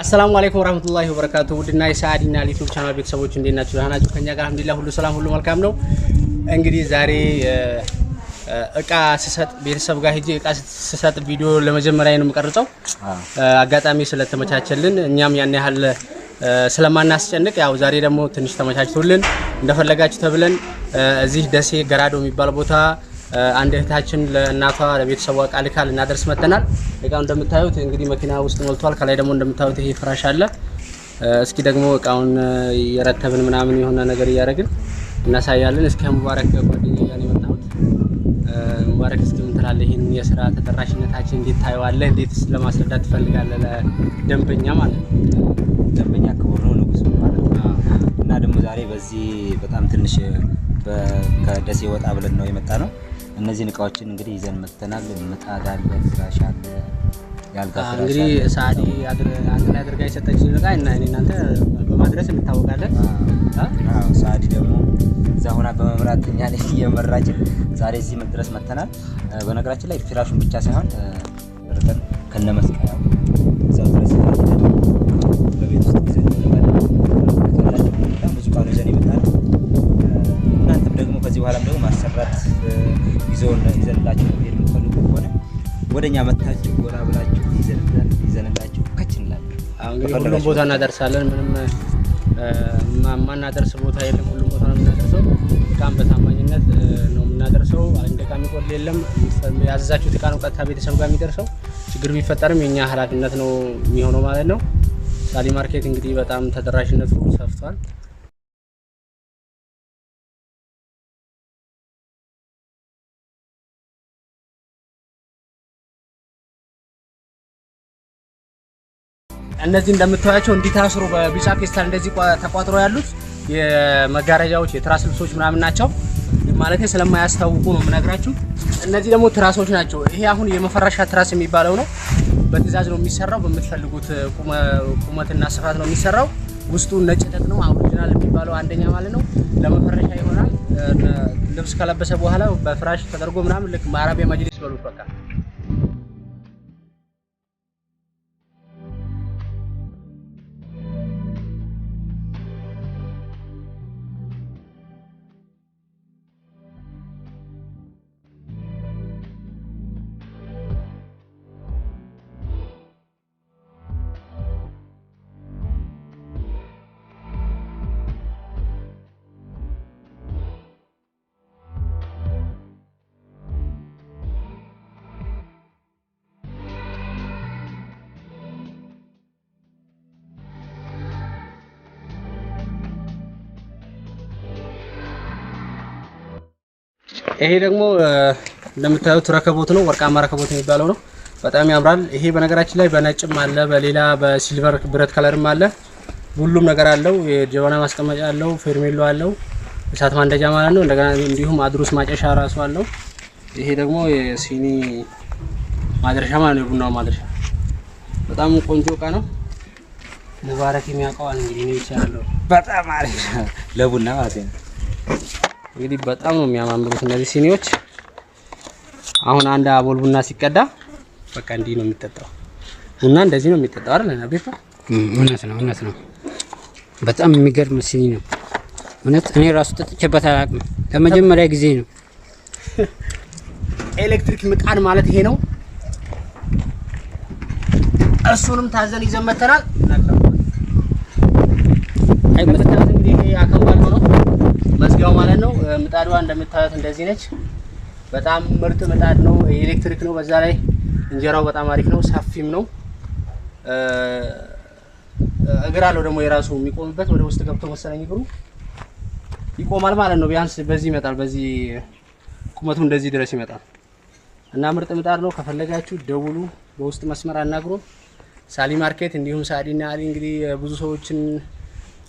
አሰላሙ አለይኩም ወራህመቱላሂ ወበረካቱ። ውድና የሰዓዲና ዩቲዩብ ቻናል ቤተሰቦች እንዴት ናችሁ? ደህና ናችሁ? ከኛ ጋር አልሐምዱሊላህ ሁሉ ሰላም፣ ሁሉ መልካም ነው። እንግዲህ ዛሬ እቃ ስሰጥ ቤተሰብ ጋር ሄጄ እቃ ስሰጥ ቪዲዮ ለመጀመሪያ ነው የምቀርጸው። አጋጣሚ ስለተመቻቸልን እኛም ያን ያህል ስለማናስጨንቅ ያው ዛሬ ደግሞ ትንሽ ተመቻችቶልን እንደፈለጋችሁ ተብለን እዚህ ደሴ ገራዶ የሚባል ቦታ አንድ እህታችን ለእናቷ ለቤተሰቧ እቃ ልካ ልናደርስ መጥተናል። እቃው እንደምታዩት እንግዲህ መኪና ውስጥ ሞልቷል። ከላይ ደግሞ እንደምታዩት ይሄ ፍራሽ አለ። እስኪ ደግሞ እቃውን እየረተብን ምናምን የሆነ ነገር እያደረግን እናሳያለን። እስኪ ሙባረክ ጓደኛ ጋር የመጣሁት ሙባረክ እስኪ ትላለህ? ይህንን የስራ ተደራሽነታችን እንዴት ታየዋለህ? እንዴት ለማስረዳት ትፈልጋለህ? ለደንበኛ ማለት ነው። ደንበኛ ክቡር ነው ንጉስ ማለት ነው። እና ደግሞ ዛሬ በዚህ በጣም ትንሽ ከደሴ ወጣ ብለን ነው የመጣ ነው። እነዚህን እቃዎችን እንግዲህ ይዘን መጥተናል። ምጣድ አለ፣ ፍራሽ አለ እንግዲህ ሳዲ አንተ ላይ አድርጋ የሰጠችን እቃ እናንተ በማድረስ እንታወቃለን። ሳዲ ደግሞ አራተኛ ላይ እየመራችን ዛሬ እዚህ መድረስ መተናል። በነገራችን ላይ ፊራሹን ብቻ ሳይሆን ርተን ከነመስቀያ እዛው ድረስ በቤት ውስጥ ጊዜ ብዙ ይዘን ይመጣል። እናንተም ደግሞ ከዚህ በኋላም ደግሞ ማሰራት ይዘውን ሄድ የምትፈልጉ ከሆነ ወደ እኛ መታችሁ ጎራ ብላችሁ ይዘንላችሁ ከች እንላለን። ሁሉም ቦታ እናደርሳለን። ምንም ማናደርስ ቦታ የለም። ሁሉም እቃም በታማኝነት ነው የምናደርሰው። አንድ እቃ የሚቆል የለም። ያዘዛችሁት እቃ ነው ቀጥታ ቤተሰብ ጋር የሚደርሰው። ችግር ቢፈጠርም የእኛ ኃላፊነት ነው የሚሆነው ማለት ነው። ሳሊ ማርኬት እንግዲህ በጣም ተደራሽነቱ ሰፍቷል። እነዚህ እንደምታያቸው እንዲታስሩ በቢጫ ፌስታል እንደዚህ ተቋጥሮ ያሉት የመጋረጃዎች የትራስ ልብሶች ምናምን ናቸው ማለት ስለማያስታውቁ ነው የምነግራችሁ። እነዚህ ደግሞ ትራሶች ናቸው። ይሄ አሁን የመፈረሻ ትራስ የሚባለው ነው። በትእዛዝ ነው የሚሰራው። በምትፈልጉት ቁመትና ስፋት ነው የሚሰራው። ውስጡ ነጭ ጥጥ ነው ኦሪጂናል የሚባለው አንደኛ ማለት ነው። ለመፈረሻ ይሆናል። ልብስ ከለበሰ በኋላ በፍራሽ ተደርጎ ምናምን ልክ ማረቢያ መጅሊስ በሉት በቃ ይሄ ደግሞ እንደምታዩት ረከቦት ነው። ወርቃማ ረከቦት የሚባለው ነው። በጣም ያምራል። ይሄ በነገራችን ላይ በነጭም አለ፣ በሌላ በሲልቨር ብረት ከለርም አለ። ሁሉም ነገር አለው። የጀበና ማስቀመጫ አለው፣ ፌርሜሎ አለው፣ እሳት ማንደጃ ማለት ነው። እንደገና እንዲሁም አድሩስ ማጨሻ ራሱ አለው። ይሄ ደግሞ የሲኒ ማድረሻ ማለት ነው፣ የቡናው ማድረሻ። በጣም ቆንጆ እቃ ነው። ሙባረክ የሚያውቀዋል እንግዲህ። ይቻላለሁ። በጣም አሪፍ ለቡና ማለት ነው። እንግዲህ በጣም ነው የሚያማምሩት እነዚህ ሲኒዎች። አሁን አንድ አቦል ቡና ሲቀዳ በቃ እንዲህ ነው የሚጠጣው ቡና እንደዚህ ነው የሚጠጣው አይደል? አቤፋ እውነት ነው፣ እውነት ነው። በጣም የሚገርም ሲኒ ነው እውነት። እኔ ራሱ ጠጥቼበት አላውቅም፣ ለመጀመሪያ ጊዜ ነው። ኤሌክትሪክ ምጣድ ማለት ይሄ ነው። እሱንም ታዘን ይዘን መተናል። አይ መተናል እንግዲህ አከምባል ነው ስጋው ማለት ነው። ምጣዷ እንደምታዩት እንደዚህ ነች። በጣም ምርጥ ምጣድ ነው። ኤሌክትሪክ ነው። በዛ ላይ እንጀራው በጣም አሪፍ ነው። ሰፊም ነው። እግር አለው ደግሞ የራሱ የሚቆምበት ወደ ውስጥ ገብቶ መሰለኝ እግሩ ይቆማል ማለት ነው። ቢያንስ በዚህ ይመጣል። በዚህ ቁመቱ እንደዚህ ድረስ ይመጣል እና ምርጥ ምጣድ ነው። ከፈለጋችሁ ደውሉ፣ በውስጥ መስመር አናግሩ። ሳሊ ማርኬት እንዲሁም ሳዲና አሊ እንግዲህ ብዙ ሰዎችን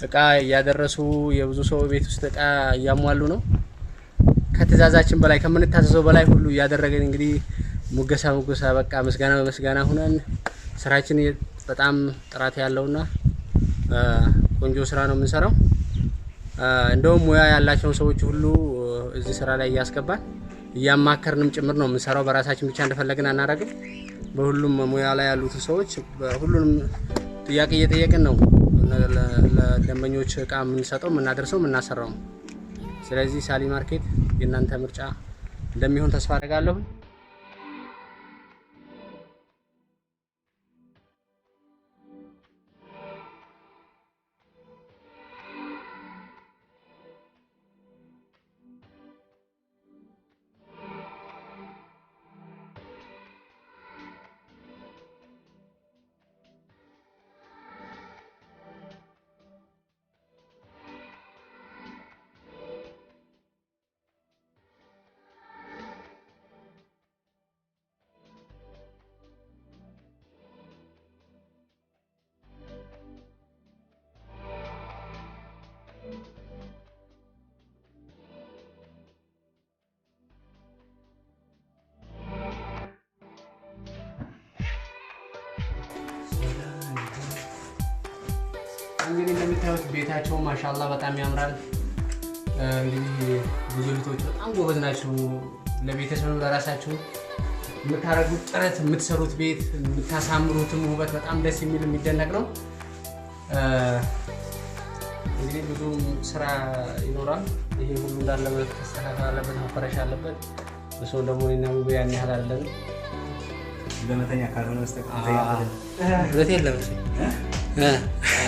እቃ እያደረሱ የብዙ ሰው ቤት ውስጥ እቃ እያሟሉ ነው። ከትእዛዛችን በላይ ከምንታዘዘው በላይ ሁሉ እያደረገን እንግዲህ ሙገሳ ሙገሳ በቃ ምስጋና በምስጋና ሁነን ስራችን በጣም ጥራት ያለውና ቆንጆ ስራ ነው የምንሰራው። እንደውም ሙያ ያላቸውን ሰዎች ሁሉ እዚህ ስራ ላይ እያስገባን እያማከርንም ጭምር ነው የምንሰራው። በራሳችን ብቻ እንደፈለግን አናደርግም። በሁሉም ሙያ ላይ ያሉትን ሰዎች ሁሉንም ጥያቄ እየጠየቅን ነው ለደንበኞች እቃ የምንሰጠው የምናደርሰው የምናሰራው ነው። ስለዚህ ሳሊ ማርኬት የእናንተ ምርጫ እንደሚሆን ተስፋ አደርጋለሁ። እንግዲህ እንደምታዩት ቤታቸው ማሻላ በጣም ያምራል። እንግዲህ ብዙ ልጆች በጣም ጎበዝ ናቸው። ለቤተሰብ ለራሳቸው የምታደርጉት ጥረት፣ የምትሰሩት ቤት፣ የምታሳምሩትም ውበት በጣም ደስ የሚል የሚደነቅ ነው። እንግዲህ ብዙ ስራ ይኖራል። ይሄ ሁሉ እንዳለበት መስተካከል አለበት፣ መፈረሻ አለበት። እሱ ደግሞ ና ናሙጎ ያን ያህል አለን ለመተኛ ካልሆነ መስጠቅ ለት የለም